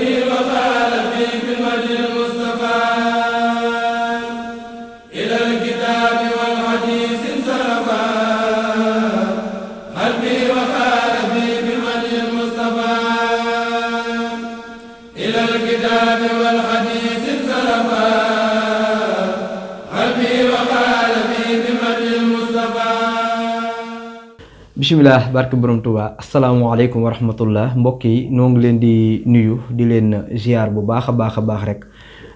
إلى bisimilah barke borom Touba asalaamaaleykum wa rahmatullah mbokk yi noo ngi leen di nuyu di leen ziar bu baax a baax a baax rek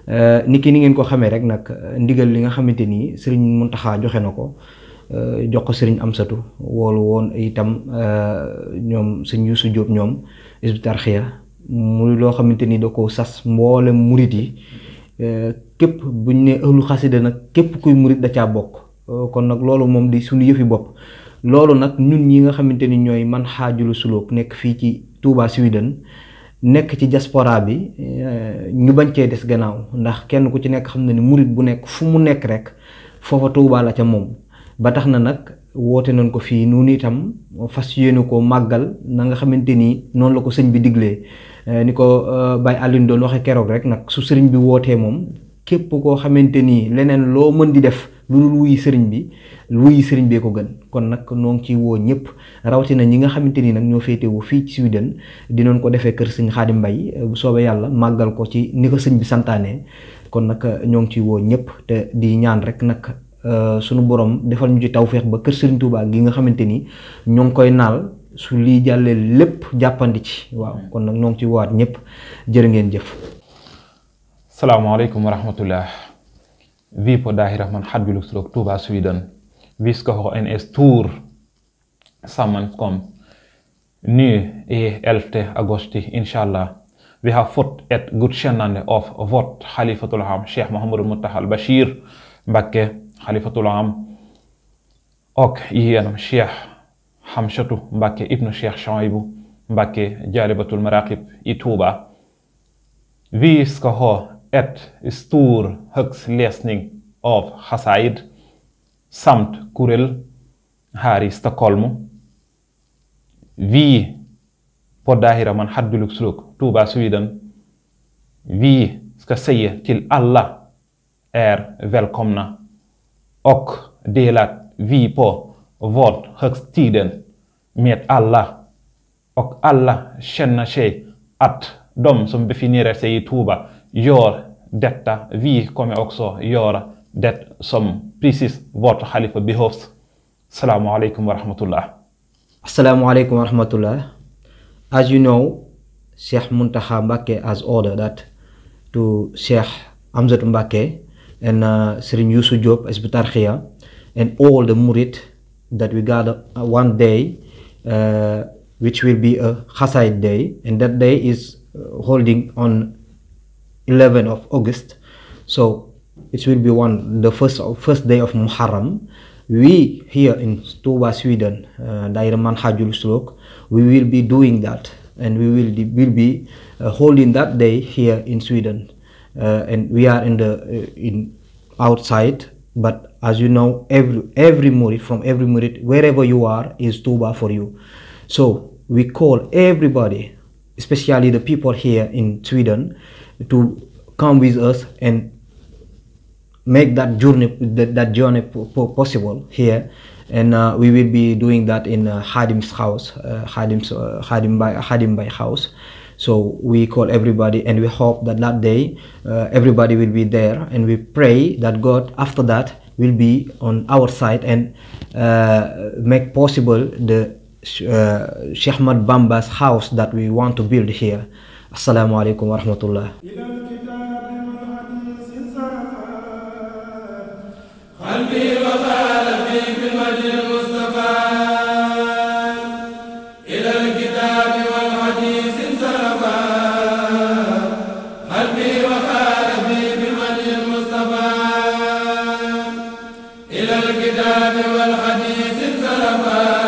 euh, nit ki ni ngeen ko xamee rek nag ndigal li nga xamante ni sëriñ Muntaxa joxe na ko euh, jox ko sëriñ Amsatu woolu woon itam euh, ñoom sëñ Yuusu Jóob ñoom Hizbut Tarqiyyah muy loo xamante ni da ko sas mboolem murit yi képp buñ ne ëllu xasida nag képp kuy murit da caa bokk kon nag loolu moom di suñu yëfi bopp loolu nag ñun ñi nga xamante ni ñooy man xaajulu suluk nekk fii ci Touba Sweden nekk ci jasporaa bi eh, ñu bañ cee des gannaaw ndax kenn ku ci nekk xam na ni murit bu nekk fu mu nekk rek foofa Touba la ca moom ba tax na nag woote nañ ko fii nu noonu itam fas yéene ko màggal na nga xamante ni noonu la ko sëñ bi diglee eh, ni ko eh, Baye Alioune doon waxe keroog rek nag su sëriñ bi wootee moom képp koo xamante ni leneen loo mën di def lu dul wuy sëriñ bi wuy sëriñ bee ko gën kon nag noo ngi ci woo ñëpp rawatina ñi nga xamante ni nag ñoo féetewu fii ci Sweden dinoon ko defee kër sëñ Xaadim Mbay bu soobee yàlla màggal ko ci ni ko sëñ bi santaane kon nag uh, ñoo ngi ci woo ñëpp te di ñaan rek nag uh, sunu borom defal ñu ci tawféex ba kër sëriñ Touba gi nga xamante ni ñoo ngi koy naal su lii jàllee lépp jàppandi ci waaw kon nag ñoo ngi ci woowaat ñëpp jërë ngeen jëf salaamaaleykum wa rahmatullah vi på Dahirah man hade Bylugstrup, Tuva, Sweden. Vi ska ha en stor sammankomst nu i e 11 augusti, inshallah. Vi har fått ett godkännande av vårt Halifatul Ham, Sheikh Mohammed Muttahal Bashir Bakke, Halifatul Ham och genom Sheikh Hamshatu Bakke, Ibn Sheikh Shaibu Bakke, Jalibatul Maraqib i Tuba. Vi ska ha ett stor högläsning av Hasaid samt kurel här Stockholm. Vi på Dahira man Hadduluxluk, Tuba, Sweden. Vi ska säga till alla är välkomna och delar vi på vårt högtiden med alla och alla känner sig att de som befinner sig i Tuba gör detta. Vi kommer också göra det som precis vårt halifa behövs. Assalamu alaikum wa As you know, Sheikh Muntaha Mbake has ordered that to Sheikh Amzat Mbake and uh, Sirin Yusu Job Esbitarkhia and all the murid that we gather uh, one day, uh, which will be a Hasid day, and that day is uh, holding on 11 of August. So it will be one the first first day of Muharram. We here in Tuba, Sweden, uh, Daira Manhajul Suluk, we will be doing that and we will, will be uh, holding that day here in Sweden. Uh, and we are in the uh, in outside but as you know every every murid from every murid wherever you are is tuba for you so we call everybody especially the people here in Sweden, to come with us and make that journey that, that journey possible here and uh, we will be doing that in uh, Hadim's house uh, Hadim's uh, Hadim by Hadim by house so we call everybody and we hope that that day uh, everybody will be there and we pray that God after that will be on our side and uh, make possible the uh, Sheikh Ahmad Bamba's house that we want to build here. Assalamu alaikum wa rahmatullah. إلى الكتاب والحديث سلفا